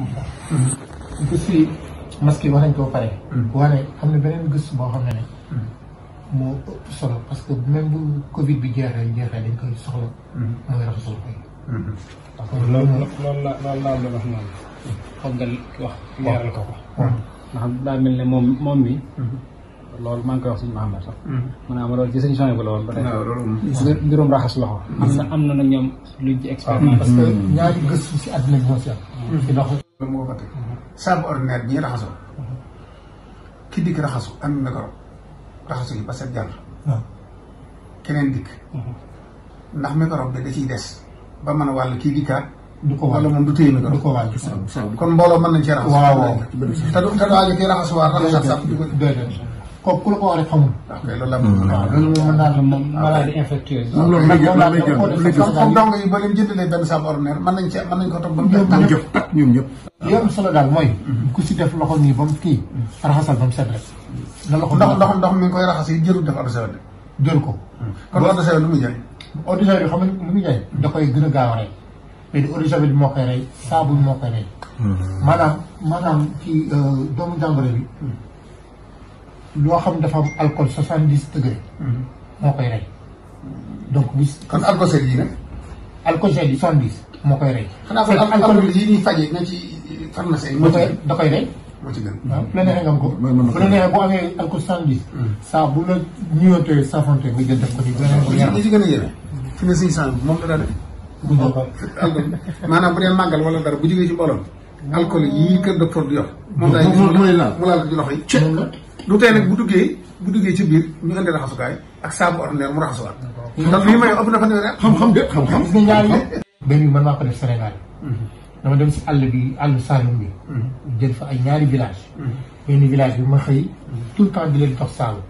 Mm-hmm. gëstu yi masque wax nañ ko ba pare. Mm-hmm. waaye am na beneen gëstu boo xam ne ne. Mm-hmm. moo ëpp solo parce que même bu Covid bi jeexee jeexee dañ koy soxla. mooy que la loolu la loolu wax noonu. foog nga ko ko. ndax daa mel ne moom moom mi. loolu maa ngi koy wax suñu Mouhamed sax. mu ne raxas loxo. am na na ñoom luñ ci expert. Ah, parce que ñaari gëstu si àddina bi si am. ci loxo moo ko teg saabu ordinaire bi ñu raxasoo ki dikk raxasu am na ko raxasu yi ba set jàll keneen dikk ndax microbe bi da ciy des ba mën a wàll kii dikkaat du ko wàll moom du téye microbe du ko wàll kon mbooloo mën nañ ci raxas waaw te du te du aajo kii raxasuwaat raxasaat sax kooku ku la ko war a xamul. ok ah, loolu la hmm. moom mën naa la moom maladie infectieuse. loolu nag moom laa doon ko comme dong yi ba leen jëndalee benn saabu ordinaire mën nañ cee mën nañ ko toog ba mu. ñoom ñëpp tak ah, ñoom ñëpp. li am solo daal mooy. Hmm. ku si def loxo nii ba mu kii. raxasal ba mu set rek. la loxo ndox ndox ndox mi ngi koy raxas yi jërul def eau de javel. jël ko. Hmm. kon eau de javel lu muy jaay. eau de javel yi xam nga lu muy jaay. da koy gën a gaaw a rey. mais eau de javel bi moo koy rey saabu bi moo koy rey. maanaam maanaam kii euh, doomu jàngoro bi loo xam dafa am alcool soixante dix degré. Mhm. moo koy rey. donc bu kon alcocel yi nag. alcocel yi soixante dix moo koy rey. xanaa kon alcool yi ñuy fajee na ci pharmacie yi. da koy da rey. moo ci gën waaw bu la neexee nga am ko. bu la boo amee alcool soixante dix. Mhm. saa bu la ñëwatee saafonte nga jël def ko ci. bu neexee ci gën a yéeme. fi moom la daa def. bu ñu maanaam bu dee màggal wala dara bu jógee ci mbooloom. alcool yii kër docteur di yor. moom laay gis mu laal ci loxo yi. du tey nag bu duggee bu duggee ci biir ñu indi raxasukaay ak saabu ordinaire mu raxasuwaat. ndax lii may ëpp na fa ne xam-xam de xam-xam. gis nga ñaari benn bi mën naa ko def Sénégal. Mhm. dama dem si àll bi àll Saloum bi. Mhm. jël fa ay ñaari village mhm. benn village bi ma xëy. tout le temps di leen dox saabu.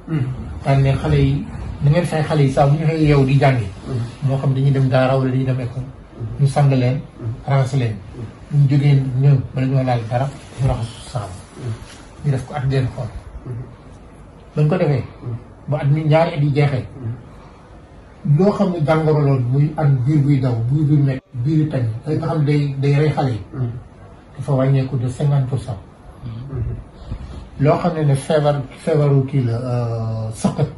daan ne xale yi na ngeen fay xale yi saabu bu ñu xëy yow di jàngi. moo xam dañuy dem daara wala dañuy dem école. ñu sang leen raxas leen. bu ñu jógee ñëw bala ñoo laal dara ñu raxasu saabu. ñu def ko at leen xool. Mm-hmm. dañ ko defee mm-hmm. ba at mi ñaari at yi jeexee mm-hmm. loo xam ne jàngoro loolu muy am biir buy daw buy buy nekk biir ay nga xam yi dafa wàññeeku de cinquante pour loo xam ne ne feebar feebaru kii la euh, sëqat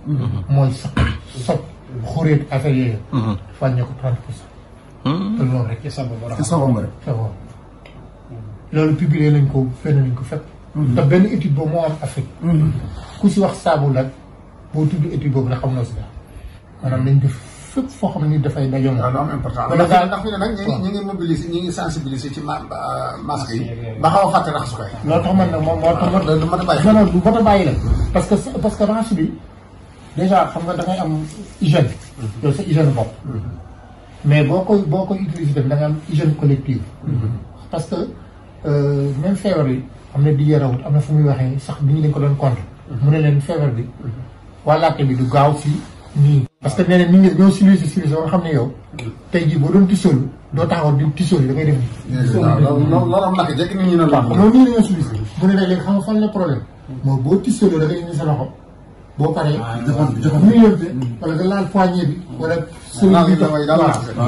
mooy sëqat sob xuréet affaire yooyu dafa wàññeeku trente pour cent loolu rek ci ko fenn lañ ko fépp te benn étude boobu moo am Afrique. ku si wax saabu nag boo tudd étude boobu nag xam naa si daal maanaam nañ def fépp foo xam ne dafay dajoo. waaw lu am important la ndax ndax fi ne nag ñu ngi ñu ngi mobiliser ñu ngi sensibiliser ci ma masque yi. ba xaw a fàtte raxas koy. loolu tax man nag moom moo tax man. du mat a bàyyi non non du mat a bàyyi la. parce que parce que raxas bi dèjà xam nga da ngay am hygiène. Mm-hmm. yow sa hygiène bopp. Mm-hmm. mais boo koy boo koy utiliser def da nga am hygiène collective. Mm-hmm. parce que euh, même feebar yi. am na di yarawut am na fu muy waxee sax bi ñu dañ ko doon compter. Mhm. mu ne leen feebar bi. Mhm. wàllaate bi du gaaw si nii. parce que nee na mi ngi ñoo silusi silusi ba nga xam ne mhm. jii boo doon tisoolu doo taxaw di tisoolu da ngay def nii. waaw loolu loolu am na ko njëkk nit ñi ne la. loolu nii la ñuy silusi. mu ne léegi xam nga fan la problème. mooy boo tisooloo da ngay indi sa loxo. boo paree joxoon joxoon muy yónte wala nga laal poignée bi. wala sëriñ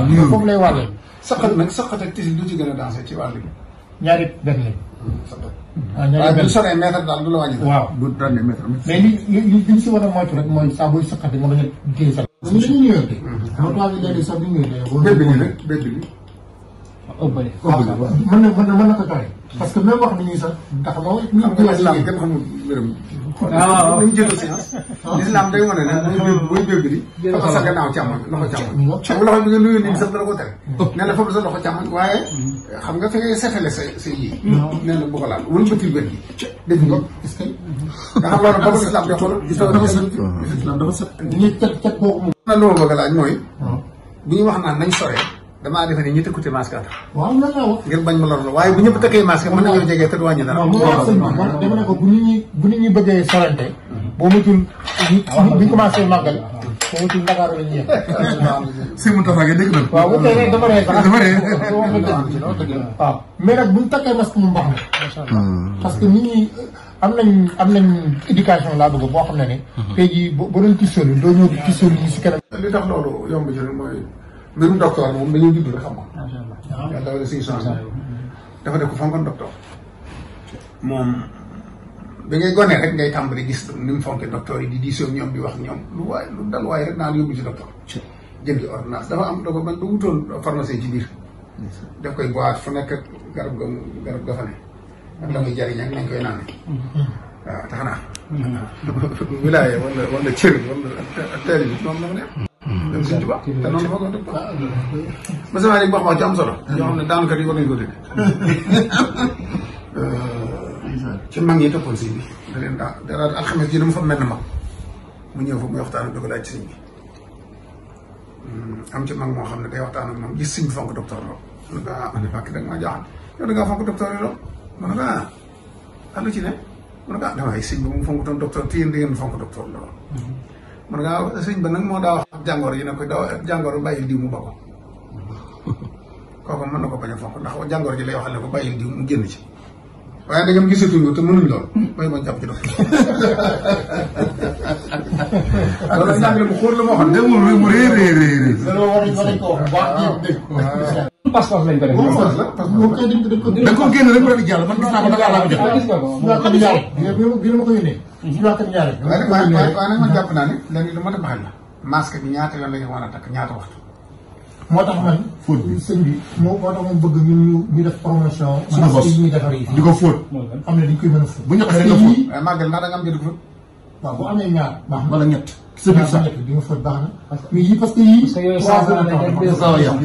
bi waaw lay wàllee. saqat nag saqat ak tisi du ci gën a dansé ci wàll bi. ñaari benn waaw ñooñu benn waaw mètre daal du la wàññi. waaw du tànnee mètre. mais li li li ñu si war a moytu rek mooy saa buy saqati nga bañ a génn sa. ñu ngi ñu ñëwante. xam nga tubaab yi léegi sax du ñu ñëwante. bépp bi rek bépp bi. ëppale ëppale waaw mën na mën na ko joxe. parce que même wax nañu sax ndax moo. xam nga waaw nañ jël si ah. lislaam day wane ne booy booy béy sa gannaaw càmmoñ loxo càmmoñ. xam nga loxo bi nga nuyu nii na foofu sa loxo càmmoñ waaye. xam nga fekkee setale sa sa yii. nee na bu ko laal wëlbatil wér gi. bu ñu wax naan nañ soree. damaa defe ne ñi tëkkute masque at. waaw am na laa ngir bañ ma lor la waaye bu ñëpp tëkkee masque mën nañoo jege te du wàññi dara. waaw dama ne ko bu nit ñi bu nit ñi bëggee sorante. boo mutul bi commencé màggal. boo mutul Ndakaar la ñuy yem. si mu tax a ngi dégg na. waaw bu tey rek dafa rey dafa rey. waaw mais nag bu ñu takkee masque mu mbax la. parce que nit ñi am nañ am nañ éducation laa bëgg boo xam ne ne. tey jii boo doon ci soli doo ñëw ci soli si kanam. li tax loolu yomb ci mooy. mbirum docteur moom dañoo judd rek xam ko. macha allah yàlla dawal si émission dafa def ko fonkoon docteur. moom bi ngay gonee rek ngay tàmbali gis ni mu fonke docteur yi di diisoo ñoom bi wax ñoom lu waay lu dal waaye rek naa la yóbbu ci docteur. jënd ordonnance dafa am da ko man da wutoon pharmacie ci biir. daf koy boite fu nekk garab ga garab ga fa ne. ak la muy nañ koy naan. Mm-hmm. waaw tax na. Mm-hmm. wilaaya wala wala cër wala ak teel bi moom la mu ne. dem Sëñ Tuubaa te noonu dafa ko dëgg Moussa Malick wax wax ci am solo yoo xam ne daanaka yi war nañu ko dégg ci mag yi toppoon sëñ bi da mu ñëw fa muy waxtaan di ko laaj sëñ hmm, am ci mag moo xam ne day waxtaan ak moom gis sëñ bi fonk docteur lool mun nga ah man de fàkk da nga ngaa fonk ah, ci ne mun nga ah damay sëñ bi mu fonk doon docteur te yéen da fonk docteur lool hmm. man ngaa sëñ ba nag moo daa wax ak jàngoor yi na ko daa jàngoor bàyyil diw mu ba ko kooku mën na ko bañ a fonk ndax jàngoor ji lay waxal ne ko bàyyil diw mu génn ci waaye dagam gisatuñu te mënuñ lool mooy ma jàpp ci dox loolu njàng mu xóor la moo xam ne mu réer réer réer pas-pas lañ ko def. moom kay dañ ko def. da ko génne rek rek jàll man gis naa ko Dakar laa ko jot. gis nga ko moom xam nga bi ma ko yónnee. bi ma ko yónnee. waaye waaye waaye nag man hmm. jàpp naa ne léegi lu mot a baxal la. masque bi ñaata yoon la ñu war a takk ñaata waxtu. moo tax man. fóot bi sëñ bi moo moo tax moom bëgg ñu ñu def promotion. suñu bopp masque yi ñuy defar yi. di ko fóot. xam ne dañ koy mën a fóot. bu ñu ko defee nga fóot. Eh, màggal naa da nga am jënd fóot. waaw bu amee ñaar baax wala ñett ci biir sax bi nga fot baax na. parce que yii parce que yii. trois heures de temps yii a yàq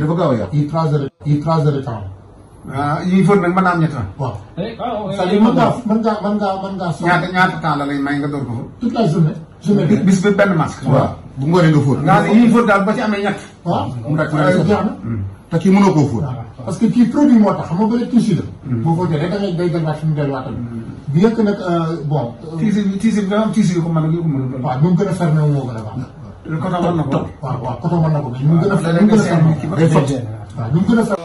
yii trois heures yii trois heures ah, la lay may nga door ko benn masque. waaw bu nga fóot. nga yii fóot daal ba amee ñett. te kii mënoo koo fóot parce que kii produit moo tax xam nga bële tissu la. boo ko jëlee da ngay day delluwaat fi mu delluwaatal. bien que nag bon. tissu bi tissu bi dafa am tissu yu ko mën a yu ko mën a. waaw ñu gën a fermé moo gën a baax. coton mën na ko waaw waaw coton mën na ko. waaw waaw da ngay gën a fermé waaw ñu gën a fermé.